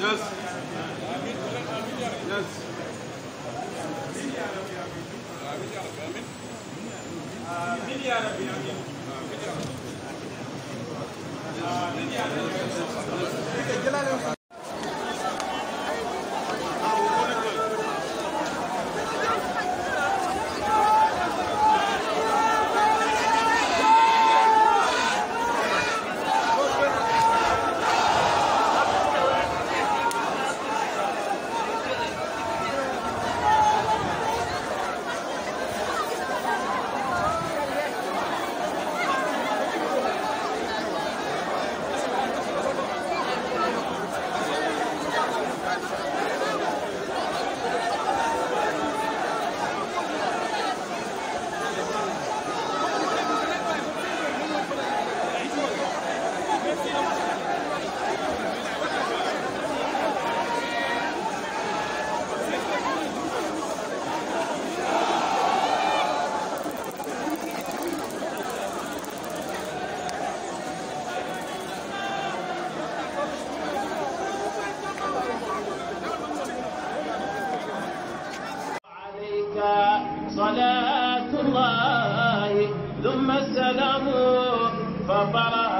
Yes. صلاة الله ثم السلام فطرها